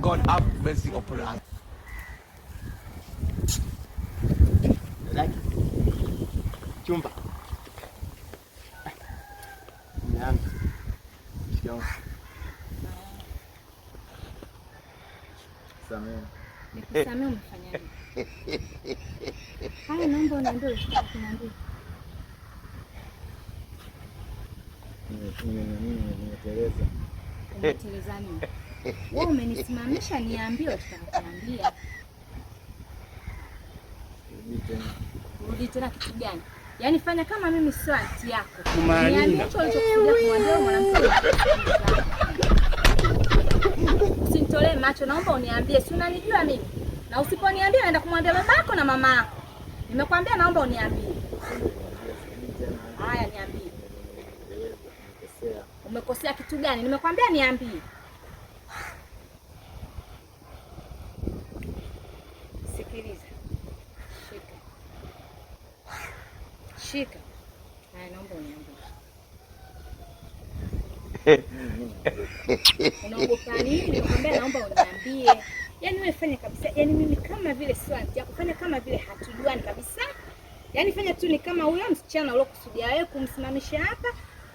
God have mercy upon us. Chumba. Nikusamee umefanyaje? Haya, naomba uniambie kuniambia. Wewe umenisimamisha niambiwe, tutakuambia. Rudi tena kitu gani? Yaani fanya kama mimi sio anti yako. Niambie yaani hicho mwanamke. Usinitolee macho, naomba uniambie, si unanijua mimi? Na usiponiambia naenda kumwambia babako na mama yako. Nimekwambia naomba uniambie. Haya, niambie. Umekosea kitu gani? Nimekwambia niambie. Shika. Haya, naomba uniambie. naomba uniambie. Yaani wewe fanya kabisa. Yaani mimi kama vile sio kama vile hatujuani kabisa. Yaani fanya tu ni kama huyo msichana uliokusudia wewe kumsimamisha hapa,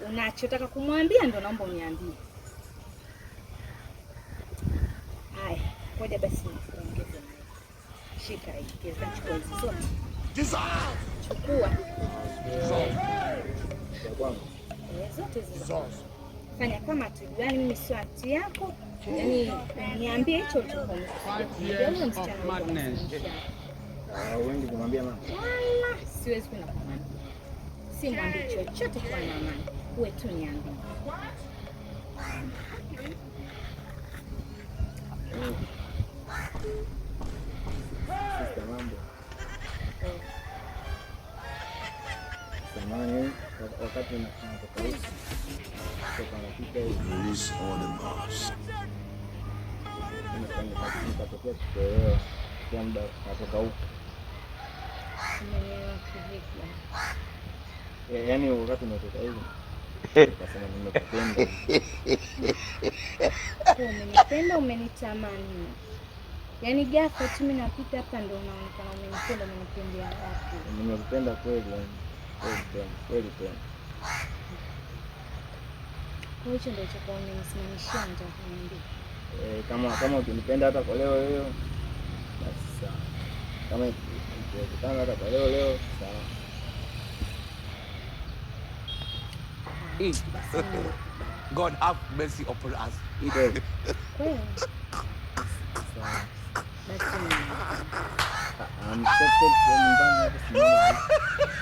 unachotaka kumwambia ndio naomba uniambie. Haya, ngoja basi Shika hii. Dissolve chukua zote zina fanya kama tujuani, mimi sio anti yako, yaani niambie hicho wengi kumwambia mama, siwezi kwenda kwa mama, si mwambie chochote kwa mama, uwe tu niambie. hatimaye wakati nafanya tofauti katokea kutoelewa kwa muda natoka huku, yaani wakati natoka hivi kasema nimekupenda, umenipenda, umenitamani Yaani ghafla tu mimi napita hapa ndio unaonekana umenipenda, umenipendea wapi? Nimekupenda kweli. Kwa hicho ndio chokuwa umenisimamishia nataka kuniambia. Eh, kama kama ukinipenda hata kwa leo leo basi sawa. Kama ukinipenda hata kwa leo leo sawa. God have mercy upon us. Kweli. Basi. Ah, I'm so